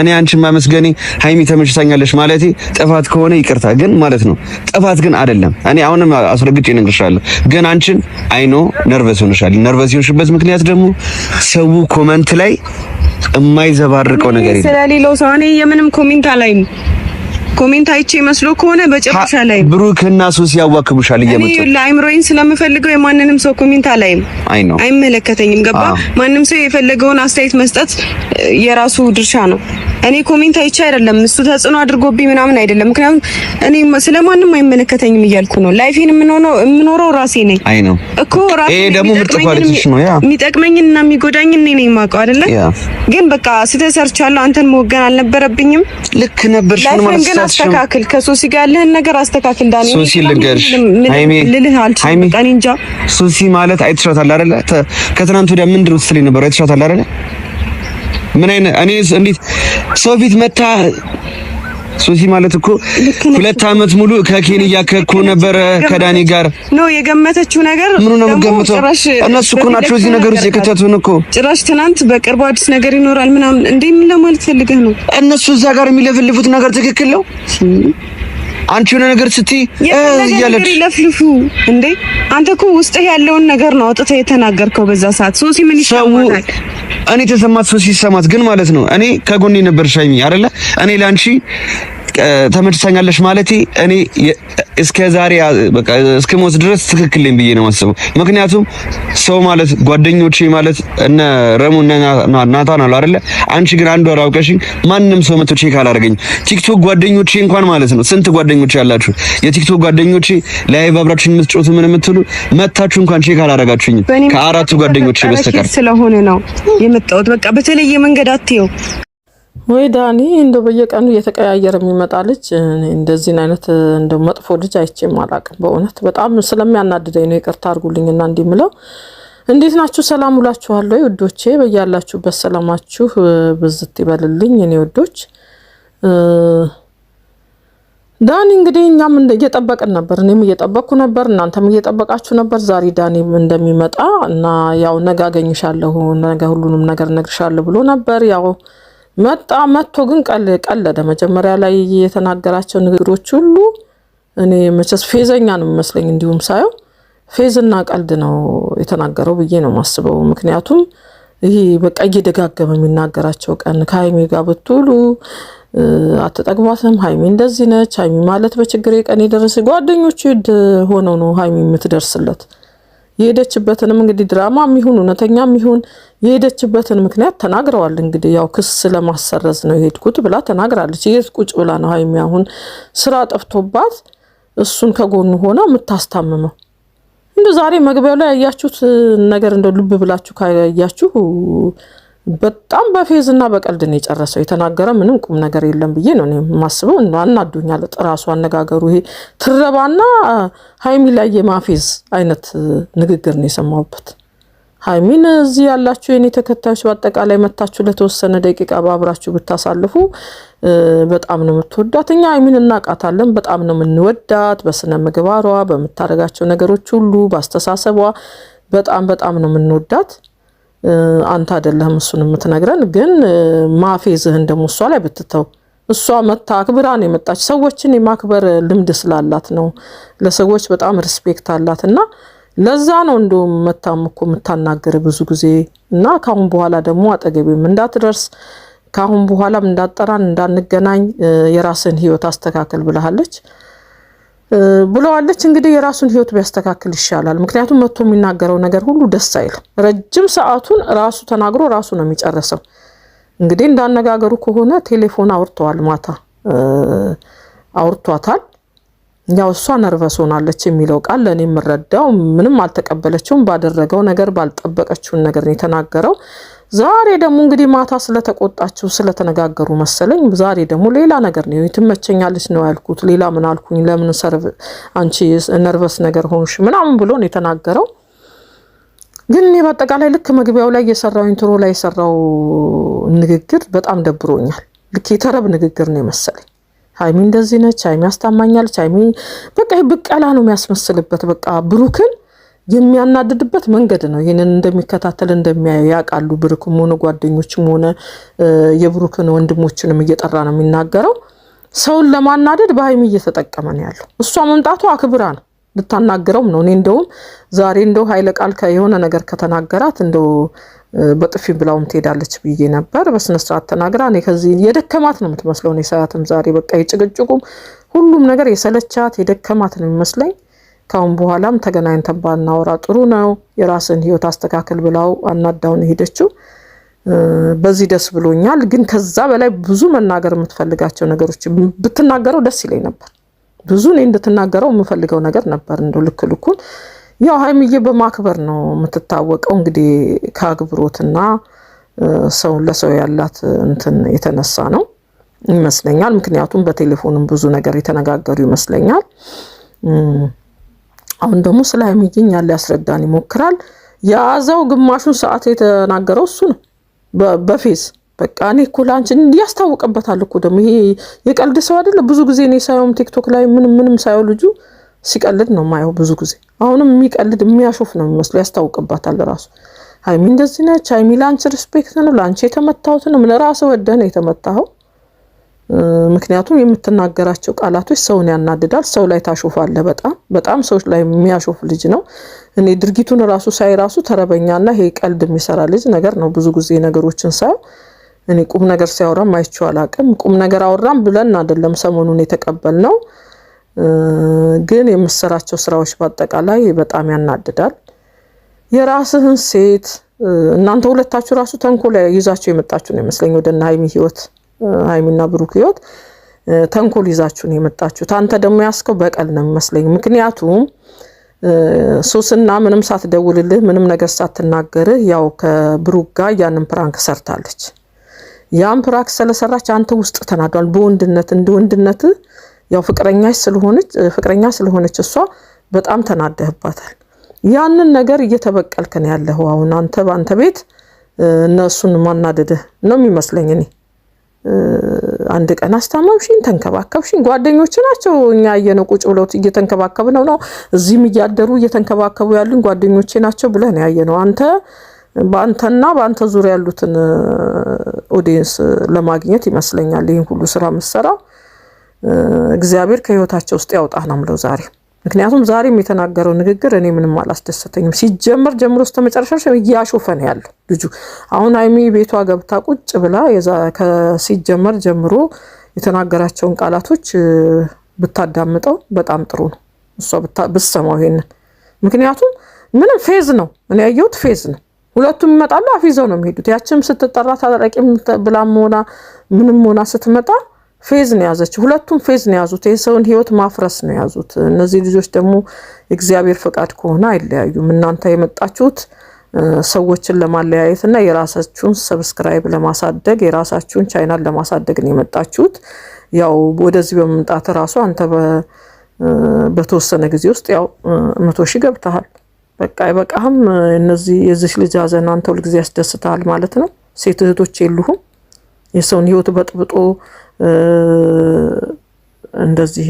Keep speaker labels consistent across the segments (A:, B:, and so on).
A: እኔ አንቺን ማመስገኔ ሀይሚ ተመችታኛለች ማለቴ ጥፋት ከሆነ ይቅርታ ግን ማለት ነው። ጥፋት ግን አይደለም። እኔ አሁንም አስረግጬ እነግርሻለሁ። ግን አንቺን አይኖ ነርቨስ ሆነሻል። ነርቨስ የሆንሽበት ምክንያት ደግሞ ሰው ኮመንት ላይ የማይዘባርቀው
B: ነገር የለም። ስለሌላው ሰው እኔ የምንም ኮሜንት አላይም። ኮሜንት አይቼ መስሎ ከሆነ በጭራሽ አላይም።
A: ብሩክ እና ሱስ ያዋክቡሻል
B: እየመጡ እኔ ለአይምሮዬን ስለምፈልገው የማንንም ሰው ኮሜንት አላይም። አይ ነው አይመለከተኝም። ገባ? ማንም ሰው የፈለገውን አስተያየት መስጠት የራሱ ድርሻ ነው። እኔ ኮሜንት አይቼ አይደለም እሱ ተጽዕኖ አድርጎብኝ ምናምን አይደለም። ምክንያቱም እኔ ስለማንም አይመለከተኝም እያልኩ ነው። ላይፌን የምኖረው ራሴ ነኝ። አይ ነው እኮ
A: ራሴ እኔ ደግሞ ምርጥ ኳሊቲሽ ነው። ያ
B: የሚጠቅመኝና የሚጎዳኝ እኔ ነኝ የማውቀው አይደለ? ግን በቃ ስተሰርቻለሁ። አንተን መወገን አልነበረብኝም።
A: ልክ ነበርሽ ማለት ነው
B: አስተካክል፣ ከሶሲ ጋር ያለህን ነገር አስተካክል። ዳኒ
A: ሶሲ ልንገርሽ፣ ልልህ አልችልም። በቃ እኔ እንጃ። ሶሲ ማለት አይተሻታል አይደለ? ከትናንት ወዲያ ምንድን ነው ስትለኝ ነበር? አይተሻታል አይደለ? ምን አይነት እኔ እንዴት ሰው ፊት መታ ሶሲ ማለት እኮ ሁለት አመት ሙሉ ከኬን እያከኩ ነበረ ከዳኒ ጋር
B: ነው የገመተችው ነገር
A: ምን ነው የምገምተው? እነሱ እኮ ናቸው እዚህ ነገር ውስጥ የከተቱን እኮ።
B: ጭራሽ ትናንት በቅርቡ አዲስ ነገር ይኖራል ምናምን እንዴ ምን ለማለት ፈልገህ ነው?
A: እነሱ እዛ ጋር የሚለፈልፉት ነገር ትክክል ነው? አንቺ የሆነ ነገር ስትይ
B: እያለች ለፍልፉ እንዴ! አንተ እኮ ውስጥህ ያለውን ነገር ነው አውጥተህ የተናገርከው በዛ ሰዓት። ሶሲ ምን
A: ይሰማታል? እኔ ተሰማት፣ ሶሲ ይሰማት። ግን ማለት ነው እኔ ከጎኔ ነበርሽ ሀይሚ አይደለ? እኔ ለአንቺ ተመችታኛለሽ ማለቴ እኔ እስከ ዛሬ በቃ እስከ ሞት ድረስ ትክክል ነኝ ብዬ ነው የማስበው። ምክንያቱም ሰው ማለት ጓደኞቼ ማለት እነ ረሙ እነ ናታን አሉ አይደለ? አንቺ ግን አንድ ወር አውቀሽኝ ማንም ሰው መቶ ቼክ አላደረገኝ። ቲክቶክ ጓደኞቼ እንኳን ማለት ነው ስንት ጓደኞቼ አላችሁ? የቲክቶክ ጓደኞቼ ላይቭ አብራችሁኝ የምትጮቱ ምን የምትሉ መታችሁ እንኳን ቼክ አላደረጋችሁኝ ከአራቱ ጓደኞቼ
B: በስተቀር ስለሆነ ነው የመጣሁት። በቃ በተለየ መንገድ አትየው ወይ ዳኒ እንደ በየቀኑ እየተቀያየረ የሚመጣ ልጅ እንደዚህን አይነት እንደ መጥፎ ልጅ አይቼም አላቅም። በእውነት በጣም ስለሚያናድደኝ ነው። ይቅርታ አድርጉልኝና እንዲህ ምለው። እንዴት ናችሁ? ሰላም ውላችኋል ወይ ውዶቼ? በያላችሁበት ሰላማችሁ ብዝት ይበልልኝ። እኔ ውዶች ዳኒ እንግዲህ እኛም እየጠበቅን ነበር፣ እኔም እየጠበቅኩ ነበር፣ እናንተም እየጠበቃችሁ ነበር። ዛሬ ዳኒ እንደሚመጣ እና ያው ነገ አገኝሻለሁ ነገ ሁሉንም ነገር እነግርሻለሁ ብሎ ነበር ያው መጣ መጥቶ ግን ቀለደ። መጀመሪያ ላይ የተናገራቸው ንግግሮች ሁሉ እኔ መቼስ ፌዘኛ ነው የሚመስለኝ፣ እንዲሁም ሳየው ፌዝና ቀልድ ነው የተናገረው ብዬ ነው የማስበው። ምክንያቱም ይሄ በቃ እየደጋገመ የሚናገራቸው ቀን ከሀይሜ ጋር ብትውሉ አትጠግቧትም፣ ሀይሜ እንደዚህ ነች፣ ሀይሚ ማለት በችግር ቀን የደረሰ ጓደኞቹ ሆነው ነው ሀይሜ የምትደርስለት የሄደችበትንም እንግዲህ ድራማ የሚሆን እውነተኛ የሚሆን የሄደችበትን ምክንያት ተናግረዋል። እንግዲህ ያው ክስ ለማሰረዝ ነው የሄድኩት ብላ ተናግራለች። የት ቁጭ ብላ ነው ሀይሚ አሁን ስራ ጠፍቶባት እሱን ከጎኑ ሆና የምታስታምመው? እንደ ዛሬ መግቢያው ላይ ያያችሁት ነገር እንደ ልብ ብላችሁ ካያችሁ በጣም በፌዝ እና በቀልድ ነው የጨረሰው። የተናገረ ምንም ቁም ነገር የለም ብዬ ነው የማስበው። አናዶኛል ራሱ አነጋገሩ። ይሄ ትረባና ሀይሚ ላይ የማፌዝ አይነት ንግግር ነው የሰማሁበት። ሀይሚን እዚህ ያላችሁ የኔ ተከታዮች በአጠቃላይ መታችሁ ለተወሰነ ደቂቃ በአብራችሁ ብታሳልፉ በጣም ነው የምትወዳት። እኛ ሀይሚን እናውቃታለን። በጣም ነው የምንወዳት፣ በስነ ምግባሯ፣ በምታደርጋቸው ነገሮች ሁሉ፣ በአስተሳሰቧ በጣም በጣም ነው የምንወዳት። አንተ አይደለህም እሱን የምትነግረን፣ ግን ማፌዝህን ደግሞ እሷ ላይ ብትተው እሷ መታ አክብራ የመጣች። ሰዎችን የማክበር ልምድ ስላላት ነው፣ ለሰዎች በጣም ሪስፔክት አላት እና ለዛ ነው እንደውም መታም እኮ የምታናገር ብዙ ጊዜ እና ካሁን በኋላ ደግሞ አጠገቤም እንዳትደርስ ካሁን በኋላም እንዳጠራን እንዳንገናኝ የራስን ህይወት አስተካከል ብልሃለች። ብለዋለች። እንግዲህ የራሱን ህይወት ቢያስተካክል ይሻላል። ምክንያቱም መጥቶ የሚናገረው ነገር ሁሉ ደስ አይልም። ረጅም ሰዓቱን ራሱ ተናግሮ ራሱ ነው የሚጨረሰው። እንግዲህ እንዳነጋገሩ ከሆነ ቴሌፎን አውርተዋል፣ ማታ አውርቷታል። ያው እሷ ነርቨስ ሆናለች የሚለው ቃል ለእኔ የምረዳው ምንም አልተቀበለችውም። ባደረገው ነገር ባልጠበቀችውን ነገር የተናገረው። ዛሬ ደግሞ እንግዲህ ማታ ስለተቆጣችው ስለተነጋገሩ መሰለኝ። ዛሬ ደግሞ ሌላ ነገር ነው ትመቸኛለች ነው ያልኩት። ሌላ ምን አልኩኝ? ለምን ሰርቭ አንቺ ነርቨስ ነገር ሆንሽ ምናምን ብሎ ነው የተናገረው። ግን እኔ በአጠቃላይ ልክ መግቢያው ላይ የሰራው ኢንትሮ ላይ የሰራው ንግግር በጣም ደብሮኛል። ልክ የተረብ ንግግር ነው የመሰለኝ ሀይሚ እንደዚህ ነች፣ ሀይሚ ያስታማኛለች፣ ሀይሚ በቃ ብቀላ ነው የሚያስመስልበት። በቃ ብሩክን የሚያናድድበት መንገድ ነው። ይህንን እንደሚከታተል እንደሚያየው ያውቃሉ። ብሩክም ሆነ ጓደኞችም ሆነ የብሩክን ወንድሞችንም እየጠራ ነው የሚናገረው። ሰውን ለማናደድ በሀይሚ እየተጠቀመ ነው ያለው። እሷ መምጣቱ አክብራ ነው ልታናግረውም ነው። እኔ እንደውም ዛሬ እንደው ሀይለ ቃል የሆነ ነገር ከተናገራት እንደው በጥፊም ብላውም ትሄዳለች ብዬ ነበር። በስነስርዓት ተናግራ እኔ ከዚህ የደከማት ነው የምትመስለው። እኔ ሳያትም ዛሬ በቃ የጭቅጭቁም ሁሉም ነገር የሰለቻት የደከማት ነው የሚመስለኝ። ካሁን በኋላም ተገናኝተን ባናወራ ጥሩ ነው፣ የራስን ህይወት አስተካከል ብላው አናዳውን ሄደችው። በዚህ ደስ ብሎኛል። ግን ከዛ በላይ ብዙ መናገር የምትፈልጋቸው ነገሮች ብትናገረው ደስ ይለኝ ነበር። ብዙ እኔ እንድትናገረው የምፈልገው ነገር ነበር እንደው ልክ ልኩን ያው ሀይሚዬ በማክበር ነው የምትታወቀው። እንግዲህ ከአክብሮትና ሰውን ለሰው ያላት እንትን የተነሳ ነው ይመስለኛል። ምክንያቱም በቴሌፎንም ብዙ ነገር የተነጋገሩ ይመስለኛል። አሁን ደግሞ ስለ ሀይሚዬን ያለ ያስረዳን ይሞክራል። የያዘው ግማሹን ሰዓት የተናገረው እሱ ነው በፌዝ በቃ እኔ እኮ ለአንቺ እንዲያስታውቅበታል እኮ ደግሞ ይሄ የቀልድ ሰው አይደለ። ብዙ ጊዜ እኔ ሳየውም ቲክቶክ ላይ ምንም ምንም ሳየው ልጁ ሲቀልድ ነው ማየው። ብዙ ጊዜ አሁንም የሚቀልድ የሚያሾፍ ነው የሚመስሉ ያስታውቅባታል ራሱ ሀይሚ እንደዚህ ነች። ሀይሚ ለአንቺ ሪስፔክት ነው፣ ለአንቺ የተመታሁት ነው፣ ለራስ ወደህ ነው የተመታኸው። ምክንያቱም የምትናገራቸው ቃላቶች ሰውን ያናድዳል። ሰው ላይ ታሾፋለ። በጣም በጣም ሰዎች ላይ የሚያሾፍ ልጅ ነው። እኔ ድርጊቱን ራሱ ሳይ ራሱ ተረበኛና ይሄ ቀልድ የሚሰራ ልጅ ነገር ነው። ብዙ ጊዜ ነገሮችን ሳይ እኔ ቁም ነገር ሲያወራም አይቼው አላቅም። ቁም ነገር አወራም ብለን አይደለም ሰሞኑን ነው። ግን የምሰራቸው ስራዎች በአጠቃላይ በጣም ያናድዳል። የራስህን ሴት እናንተ ሁለታችሁ ራሱ ተንኮል ይዛችሁ የመጣችሁ ነው ይመስለኝ ወደ እነ ሀይሚ ህይወት ሀይሚና ብሩክ ህይወት ተንኮል ይዛችሁ ነው የመጣችሁት። አንተ ደግሞ ያስከው በቀል ነው የሚመስለኝ። ምክንያቱም ሱስና ምንም ሳትደውልልህ ምንም ነገር ሳትናገርህ ያው ከብሩክ ጋር ያንን ፕራንክ ሰርታለች። ያን ፕራንክ ስለሰራች አንተ ውስጥ ተናዷል። በወንድነት እንደ ወንድነትህ ያው ፍቅረኛሽ ስለሆነች ፍቅረኛ ስለሆነች እሷ በጣም ተናደህባታል። ያንን ነገር እየተበቀልክ ነው ያለኸው። አሁን አንተ በአንተ ቤት እነሱን ማናደድህ ነው የሚመስለኝ እኔ። አንድ ቀን አስታመምሽኝ፣ ተንከባከብሽኝ። ጓደኞች ናቸው እኛ የነው ቁጭ ብለው እየተንከባከብ ነው ነው እዚህም እያደሩ እየተንከባከቡ ያሉኝ ጓደኞቼ ናቸው ብለህ ነው ያየነው አንተ በአንተና በአንተ ዙሪያ ያሉትን ኦዲየንስ ለማግኘት ይመስለኛል ይህን ሁሉ ስራ ምሰራው። እግዚአብሔር ከህይወታቸው ውስጥ ያውጣ ነው የምለው ዛሬ። ምክንያቱም ዛሬም የተናገረው ንግግር እኔ ምንም አላስደሰተኝም። ሲጀመር ጀምሮ እስከ መጨረሻ እያሾፈ ነው ያለው ልጁ። አሁን አይሚ ቤቷ ገብታ ቁጭ ብላ ከሲጀመር ጀምሮ የተናገራቸውን ቃላቶች ብታዳምጠው በጣም ጥሩ ነው፣ እሷ ብትሰማው ይሄንን። ምክንያቱም ምንም ፌዝ ነው እኔ ያየሁት ፌዝ ነው። ሁለቱም ይመጣሉ፣ አፍ ይዘው ነው የሚሄዱት። ያችም ስትጠራ ታጠረቂም ብላ ሆና ምንም ሆና ስትመጣ ፌዝ ነው የያዘችው። ሁለቱም ፌዝ ነው የያዙት። የሰውን ህይወት ማፍረስ ነው የያዙት። እነዚህ ልጆች ደግሞ እግዚአብሔር ፈቃድ ከሆነ አይለያዩም። እናንተ የመጣችሁት ሰዎችን ለማለያየት እና የራሳችሁን ሰብስክራይብ ለማሳደግ የራሳችሁን ቻይናል ለማሳደግ ነው የመጣችሁት። ያው ወደዚህ በመምጣት ራሱ አንተ በተወሰነ ጊዜ ውስጥ ያው መቶ ሺህ ገብተሃል። በቃ አይበቃህም? እነዚህ የዚህ ልጅ ሀዘን አንተ ሁልጊዜ ያስደስተሃል ማለት ነው። ሴት እህቶች የሉሁም? የሰውን ህይወት በጥብጦ እንደዚህ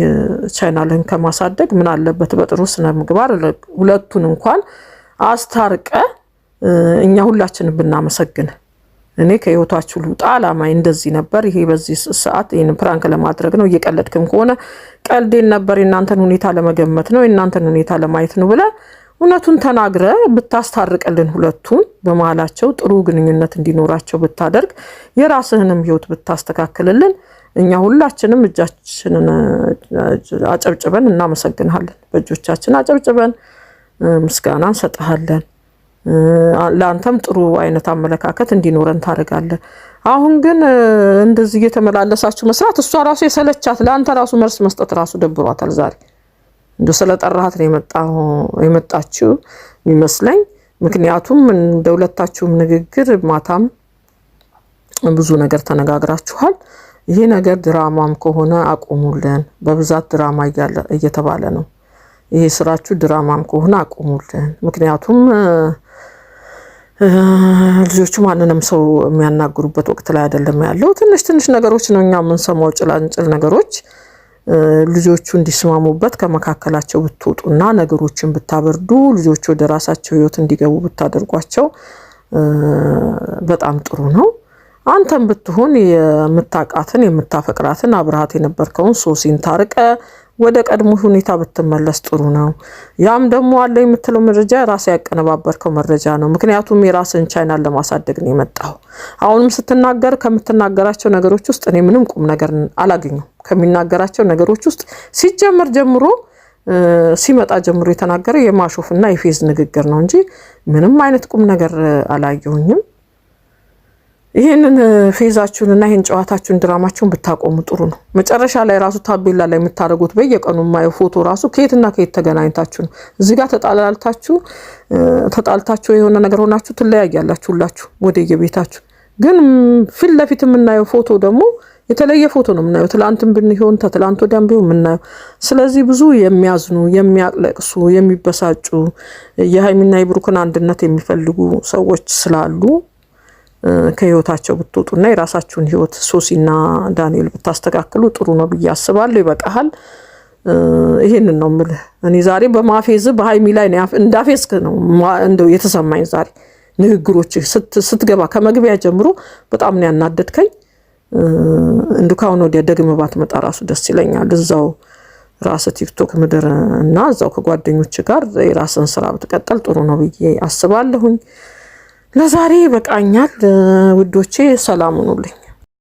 B: ቻናልን ከማሳደግ ምን አለበት በጥሩ ስነ ምግባር ሁለቱን እንኳን አስታርቀ እኛ ሁላችንም ብናመሰግን። እኔ ከህይወታችሁ ልውጣ፣ አላማዬ እንደዚህ ነበር። ይሄ በዚህ ሰዓት ይህን ፕራንክ ለማድረግ ነው። እየቀለድክም ከሆነ ቀልዴን ነበር፣ የእናንተን ሁኔታ ለመገመት ነው፣ የእናንተን ሁኔታ ለማየት ነው ብለን። እውነቱን ተናግረ ብታስታርቅልን ሁለቱን በመሀላቸው ጥሩ ግንኙነት እንዲኖራቸው ብታደርግ የራስህንም ህይወት ብታስተካክልልን እኛ ሁላችንም እጃችንን አጨብጭበን እናመሰግንሃለን። በእጆቻችን አጨብጭበን ምስጋና እንሰጥሃለን። ለአንተም ጥሩ አይነት አመለካከት እንዲኖረን ታደርጋለን። አሁን ግን እንደዚህ እየተመላለሳችሁ መስራት እሷ ራሱ የሰለቻት ለአንተ ራሱ መርስ መስጠት ራሱ ደብሯታል ዛሬ እንደ ስለ ነው የመጣችው ይመስለኝ። ምክንያቱም እንደ ሁለታችሁም ንግግር ማታም ብዙ ነገር ተነጋግራችኋል። ይሄ ነገር ድራማም ከሆነ አቁሙልን። በብዛት ድራማ እየተባለ ነው። ይሄ ስራችሁ ድራማም ከሆነ አቁሙልን። ምክንያቱም ልጆቹ ማንንም ሰው የሚያናግሩበት ወቅት ላይ አይደለም ያለው። ትንሽ ትንሽ ነገሮች ነው እኛ የምንሰማው ጭላንጭል ነገሮች ልጆቹ እንዲስማሙበት ከመካከላቸው ብትወጡና ነገሮችን ብታበርዱ ልጆቹ ወደ ራሳቸው ህይወት እንዲገቡ ብታደርጓቸው በጣም ጥሩ ነው። አንተም ብትሆን የምታውቃትን የምታፈቅራትን አብርሃት የነበርከውን ሶሲን ታርቀ ወደ ቀድሞ ሁኔታ ብትመለስ ጥሩ ነው። ያም ደግሞ አለ የምትለው መረጃ ራስ ያቀነባበርከው መረጃ ነው። ምክንያቱም የራስን ቻይናን ለማሳደግ ነው የመጣው። አሁንም ስትናገር ከምትናገራቸው ነገሮች ውስጥ እኔ ምንም ቁም ነገር አላገኙም። ከሚናገራቸው ነገሮች ውስጥ ሲጀመር ጀምሮ ሲመጣ ጀምሮ የተናገረ የማሾፍ እና የፌዝ ንግግር ነው እንጂ ምንም አይነት ቁም ነገር አላየሁኝም። ይህንን ፌዛችሁን እና ይህን ጨዋታችሁን ድራማችሁን ብታቆሙ ጥሩ ነው። መጨረሻ ላይ ራሱ ታቤላ ላይ የምታደርጉት በየቀኑ የማየው ፎቶ ራሱ ከየትና ከየት ተገናኝታችሁ ነው? እዚህ ጋር ተጣላልታችሁ ተጣልታችሁ የሆነ ነገር ሆናችሁ ትለያያላችሁ ሁላችሁ ወደ የቤታችሁ። ግን ፊት ለፊት የምናየው ፎቶ ደግሞ የተለየ ፎቶ ነው የምናየው። ትላንትም ብንሆን ተትላንት ወዲያም ቢሆን የምናየው። ስለዚህ ብዙ የሚያዝኑ የሚያቅለቅሱ፣ የሚበሳጩ የሀይሚና የብሩክን አንድነት የሚፈልጉ ሰዎች ስላሉ ከህይወታቸው ብትወጡና የራሳችሁን ህይወት ሶሲና ዳንኤል ብታስተካክሉ ጥሩ ነው ብዬ አስባለሁ። ይበቃሃል። ይሄንን ነው የምልህ። እኔ ዛሬ በማፌዝ በሀይሚ ላይ እንዳፌዝክ ነው እንደው የተሰማኝ ዛሬ ንግግሮች ስትገባ ከመግቢያ ጀምሮ በጣም ነው ያናደድከኝ። እንዱ ካሁን ወዲያ ደግመ ባትመጣ ራሱ ደስ ይለኛል። እዛው ራስ ቲክቶክ ምድር እና እዛው ከጓደኞች ጋር የራስን ስራ ብትቀጠል ጥሩ ነው ብዬ አስባለሁኝ። ለዛሬ በቃኛል ውዶቼ፣ ሰላም ሁኑልኝ።